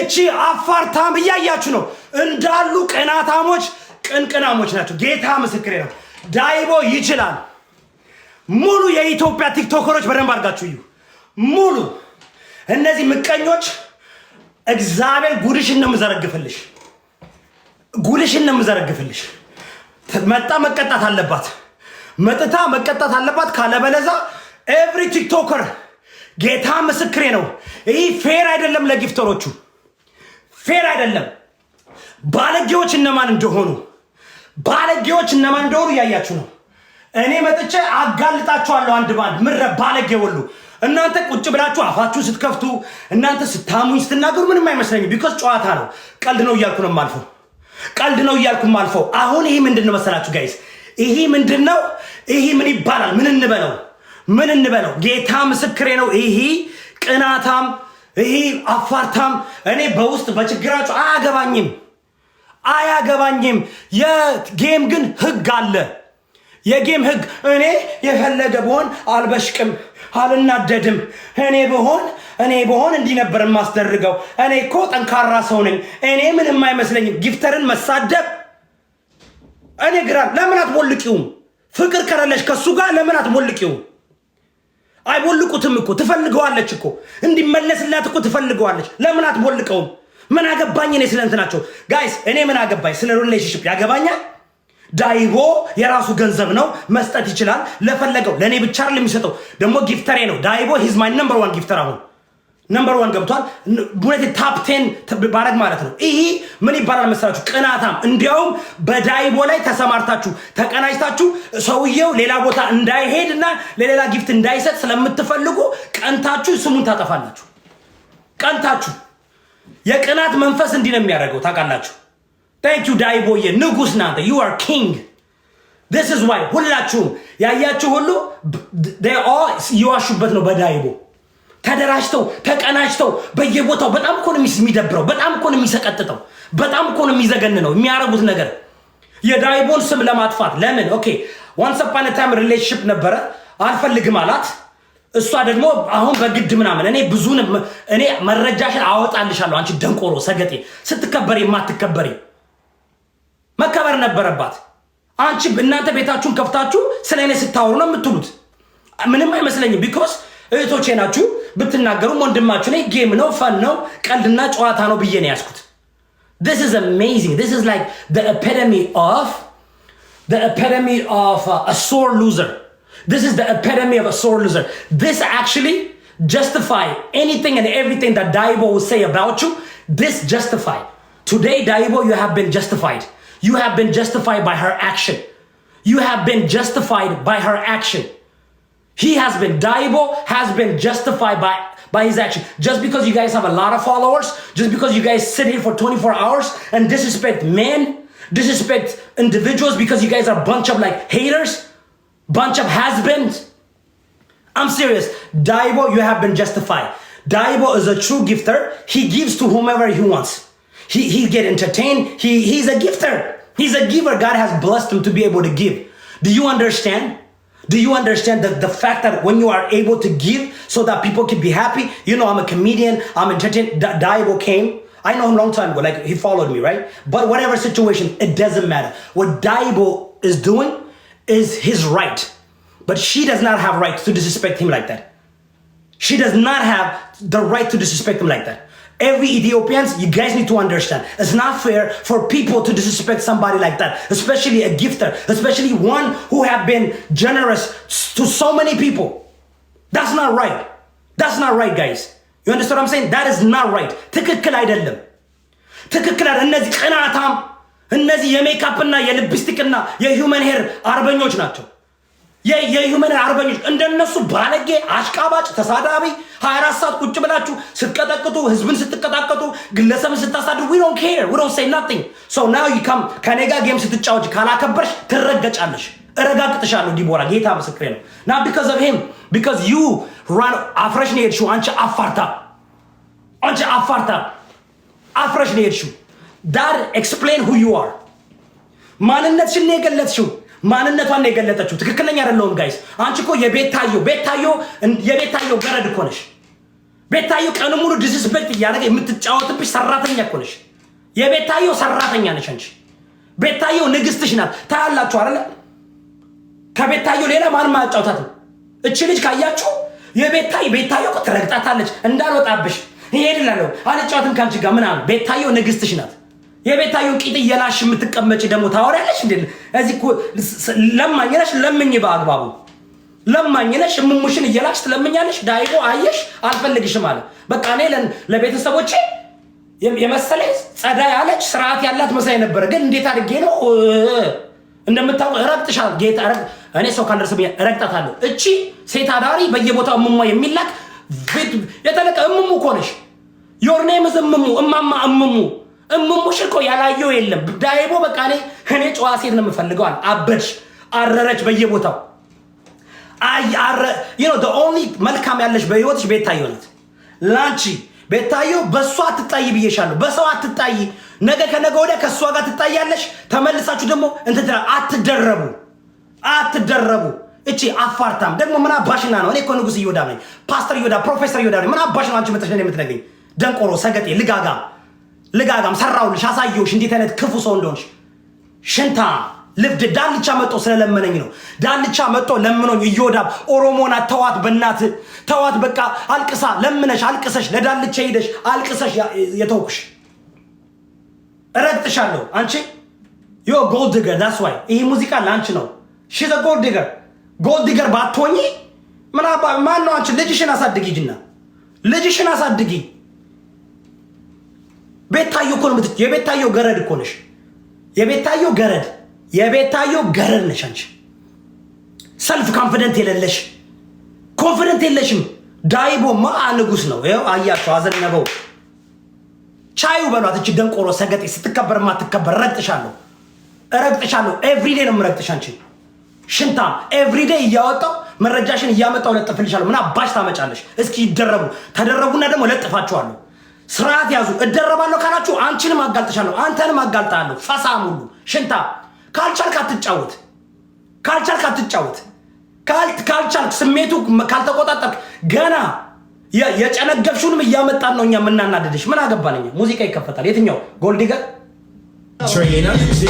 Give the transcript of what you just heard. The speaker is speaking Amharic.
እቺ አፋርታም እያያችሁ ነው እንዳሉ ቅናታሞች ቅንቅናሞች ናቸው። ጌታ ምስክሬ ነው። ዳይቦ ይችላል። ሙሉ የኢትዮጵያ ቲክቶከሮች በደንብ አድርጋችሁ እዩ። ሙሉ እነዚህ ምቀኞች እግዚአብሔር ጉድሽን ነው የምዘረግፍልሽ፣ ጉድሽን ነው የምዘረግፍልሽ። መጣ መቀጣት አለባት፣ መጥታ መቀጣት አለባት። ካለበለዛ ኤቭሪ ቲክቶከር ጌታ ምስክሬ ነው። ይህ ፌር አይደለም ለጊፍተሮቹ ፌር አይደለም። ባለጌዎች እነማን እንደሆኑ ባለጌዎች እነማን እንደሆኑ እያያችሁ ነው። እኔ መጥቼ አጋልጣችኋለሁ አንድ ባንድ ምረ ባለጌ ወሉ እናንተ ቁጭ ብላችሁ አፋችሁ ስትከፍቱ እናንተ ስታሙኝ ስትናገሩ ምንም አይመስለኝም። ቢኮስ ጨዋታ ነው፣ ቀልድ ነው እያልኩ ነው ማልፈው፣ ቀልድ ነው እያልኩ ማልፈው። አሁን ይሄ ምንድን ነው መሰላችሁ ጋይስ? ይሄ ምንድን ነው? ይሄ ምን ይባላል? ምን እንበለው? ምን እንበለው? ጌታ ምስክሬ ነው። ይሄ ቅናታም ይሄ አፋርታም እኔ በውስጥ በችግራችሁ አያገባኝም አያገባኝም። የጌም ግን ህግ አለ። የጌም ህግ እኔ የፈለገ ብሆን አልበሽቅም፣ አልናደድም። እኔ ብሆን እኔ ብሆን እንዲህ ነበር የማስደርገው። እኔ እኮ ጠንካራ ሰው ነኝ። እኔ ምንም አይመስለኝም። ጊፍተርን መሳደብ እኔ ግራ ለምን አትቦልቂውም? ፍቅር ከሌለሽ ከሱ ጋር ለምን አትቦልቂውም? አይቦልቁትም እኮ ትፈልገዋለች እኮ እንዲመለስላት እኮ ትፈልገዋለች። ለምን አትቦልቀውም? ምን አገባኝ እኔ ስለ እንትናቸው ጋይስ፣ እኔ ምን አገባኝ ስለ ሪሌሽንሽፕ ያገባኛል። ዳይቦ የራሱ ገንዘብ ነው፣ መስጠት ይችላል ለፈለገው። ለእኔ ብቻ የሚሰጠው ደግሞ ጊፍተሬ ነው ዳይቦ። ሂዝ ማይ ነምበር ዋን ጊፍተር አሁን ነምበር ዋን ገብቷል። ዱኔት ታፕ ቴን ባረግ ማለት ነው። ይሄ ምን ይባላል መሰላችሁ? ቅናታም። እንዲያውም በዳይቦ ላይ ተሰማርታችሁ ተቀናጅታችሁ ሰውየው ሌላ ቦታ እንዳይሄድ እና ለሌላ ጊፍት እንዳይሰጥ ስለምትፈልጉ ቀንታችሁ ስሙን ታጠፋላችሁ። ቀንታችሁ የቅናት መንፈስ እንዲህ ነው የሚያደርገው ታውቃላችሁ። ታንክ ዩ ዳይቦዬ፣ ንጉስ ናንተ ዩ አር ኪንግ ስ ዋይ ሁላችሁም ያያችሁ ሁሉ የዋሹበት ነው በዳይቦ ተደራጅተው ተቀናጅተው በየቦታው በጣም እኮ ነው የሚደብረው። በጣም እኮ ነው የሚሰቀጥጠው። በጣም እኮ ነው የሚዘገንነው የሚያረጉት ነገር የዳይቦን ስም ለማጥፋት ለምን? ኦኬ ዋንስ አፓን ታይም ሪሌሽንሺፕ ነበረ አልፈልግም አላት። እሷ ደግሞ አሁን በግድ ምናምን እኔ ብዙ እኔ መረጃሽን አወጣልሻለሁ። አንቺ ደንቆሮ ሰገጤ፣ ስትከበር የማትከበሪ መከበር ነበረባት። አንቺ እናንተ ቤታችሁን ከፍታችሁ ስለ እኔ ስታወሩ ነው የምትሉት። ምንም አይመስለኝም። ቢኮስ እህቶቼ ናችሁ ብትናገሩም ወንድማችሁ ላይ ጌም ነው፣ ፈን ነው፣ ቀልድና ጨዋታ ነው ብዬ ነው this is amazing this is like the epitome of the epitome of uh, a sore loser this is the epitome of a sore loser this actually justify anything and everything that daibo will say about you this justify today daibo you have been justified you have been justified by her action you have been justified by her action he has been diable, has been justified by by his action. Just because you guys have a lot of followers, just because you guys sit here for 24 hours and disrespect men, disrespect individuals because you guys are a bunch of like haters, bunch of has-beens. I'm serious. Daibo, you have been justified. Daibo is a true gifter. He gives to whomever he wants. He, he get entertained. He, he's a gifter. He's a giver. God has blessed him to be able to give. Do you understand? Do you understand the, the fact that when you are able to give so that people can be happy? You know, I'm a comedian, I'm entertained. D- Diable came. I know him a long time ago, like he followed me, right? But whatever situation, it doesn't matter. What Diable is doing is his right. But she does not have right to disrespect him like that. She does not have the right to disrespect him like that. Every Ethiopians, you guys need to understand. It's not fair for people to disrespect somebody like that, especially a gifter, especially one who have been generous to so many people. That's not right. That's not right, guys. You understand what I'm saying? That is not right. ትክክል አይደለም። ትክክል አይደለም። እነዚህ ቅናታም እነዚህ የሜካፕና የልብስቲክና የሂውመን ሄር አርበኞች ናቸው። የዩመን አርበኞች እንደነሱ ባለጌ አሽቃባጭ ተሳዳቢ 24 ሰዓት ቁጭ ብላችሁ ስትቀጠቅጡ ህዝብን ስትቀጣቀጡ ግለሰብን ስታሳድ we don't care we don't say nothing so now you come ከኔ ጋር ጌም ስትጫወች ካላከበርሽ ትረገጫለሽ እረጋግጥሻለሁ ዲቦራ ጌታ ምስክሬ ነው ና because of him because you run አፍረሽ ነው የሄድሽው አንቺ አፋርታ አንቺ አፋርታ አፍረሽ ነው የሄድሽው that explain who you are ማንነትሽን ነው የገለጽሽው ማንነቷን ነው የገለጠችው። ትክክለኛ አይደለውም ጋይስ። አንቺ እኮ የቤታዮ ቤታዮ የቤታዮ ገረድ እኮ ነሽ። ቤታዮ ቀኑ ሙሉ ዲስስፔክት እያደረገ የምትጫወትብሽ ሰራተኛ እኮ ነሽ። የቤታዮ ሰራተኛ ነሽ አንቺ። ቤታዮ ንግስትሽ ናት። ታያላችሁ አይደለ? ከቤታዮ ሌላ ማንም አያጫውታትም። እቺ ልጅ ካያችሁ የቤታዮ ቤታዮ ትረግጣታለች። እንዳልወጣብሽ ይሄድላለሁ አልጫወትም ከአንቺ ጋር ምናምን። ቤታዮ ንግስትሽ ናት። የቤታዩን ቂጥ እየላሽ የምትቀመጭ ደግሞ ታወሪያለሽ እንዴ? እዚህ ለማኝ ነሽ፣ ለምኝ በአግባቡ ለማኝ ነሽ። እሙሙሽን እየላሽ ትለምኛለሽ። ዳይቦ አየሽ አልፈልግሽም አለ። በቃ እኔ ለቤተሰቦቼ የመሰለኝ ጸዳ ያለች ስርዓት ያላት መሳይ ነበረ። ግን እንዴት አድርጌ ነው እንደምታውቅ ረግጥሻል። ጌታ እኔ ሰው ካልደረሰብኝ ረግጣታለሁ። እቺ ሴት አዳሪ በየቦታው እሙሟ የሚላክ የተለቀ እሙሙ እኮ ነሽ። ዮርኔ ምዝምሙ እማማ እሙሙ እምሙሽ እኮ ያላየው የለም። ዳይቦ በቃ እኔ እኔ ጨዋ ሴት ነው የምፈልገዋል። አበድሽ፣ አረረች በየቦታው ኦንሊ መልካም ያለሽ በህይወትሽ ቤታዮ ናት። ላንቺ ቤታዮ በእሷ አትጣይ ብዬሻለሁ። በሰው አትጣይ። ነገ ከነገ ወዲያ ከእሷ ጋር ትጣያለሽ። ተመልሳችሁ ደግሞ እንትትላ አትደረቡ፣ አትደረቡ። እቺ አፋርታም ደግሞ ምን አባሽና ነው? እኔ እኮ ንጉስ እዮዳ ነኝ፣ ፓስተር እዮዳ፣ ፕሮፌሰር እዮዳ ነኝ። ምን አባሽ ነው አንቺ መጠሽ ነው የምትነግኝ? ደንቆሮ፣ ሰገጤ፣ ልጋጋ ልጋጋም ሰራውልሽ፣ አሳየውሽ እንዴት አይነት ክፉ ሰው እንደሆንሽ። ሽንታ ልብድ ዳልቻ መጦ ስለለመነኝ ነው። ዳልቻ መጦ ለምኖኝ እዮዳብ ኦሮሞና ተዋት፣ በእናት ተዋት። በቃ አልቅሳ ለምነሽ አልቅሰሽ ለዳልቻ ሄደሽ አልቅሰሽ የተውኩሽ እረግጥሻለሁ። አንቺ ዮ ጎልድ ዲገር ዳስ ዋይ ይሄ ሙዚቃ ለአንቺ ነው። ሺ ዘ ጎልድ ዲገር ጎልድ ዲገር ባትሆኚ ምናባ ማን ነው አንቺ? ልጅሽን አሳድጊ ጅና ልጅሽን አሳድጊ ቤታዮ እኮ ነው የምትች የቤታዮ ገረድ እኮ ነሽ። የቤታዮ ገረድ የቤታዮ ገረድ ነሽ አንቺ። ሰልፍ ኮንፊደንት የሌለሽ ኮንፊደንት የለሽም። ዳይቦ ማአ ንጉስ ነው። ይኸው አያቸው አዘነበው ቻዩ በሏት። እች ደንቆሮ ሰገጤ ስትከበር ማትከበር ረግጥሻለሁ፣ ረግጥሻለሁ። ኤቭሪዴ ነው የምረግጥሽ አንቺ ሽንታ ኤቭሪዴ እያወጣው መረጃሽን እያመጣው ለጥፍልሻለሁ። ምን አባሽ ታመጫለሽ? እስኪ ይደረቡ ተደረቡና ደግሞ ለጥፋችኋለሁ። ስርዓት ያዙ። እደረባለሁ ካላችሁ አንቺንም አጋልጥሻለሁ፣ አንተንም አጋልጣለሁ። ፈሳም ሁሉ ሽንታ ካልቻልክ አትጫወት፣ ካልቻልክ አትጫወት፣ ካልቻልክ ስሜቱ ካልተቆጣጠርክ ገና የጨነገብሽውንም እያመጣን ነው እኛ የምናናደድሽ። ምን አገባን እኛ። ሙዚቃ ይከፈታል። የትኛው ጎልዲገር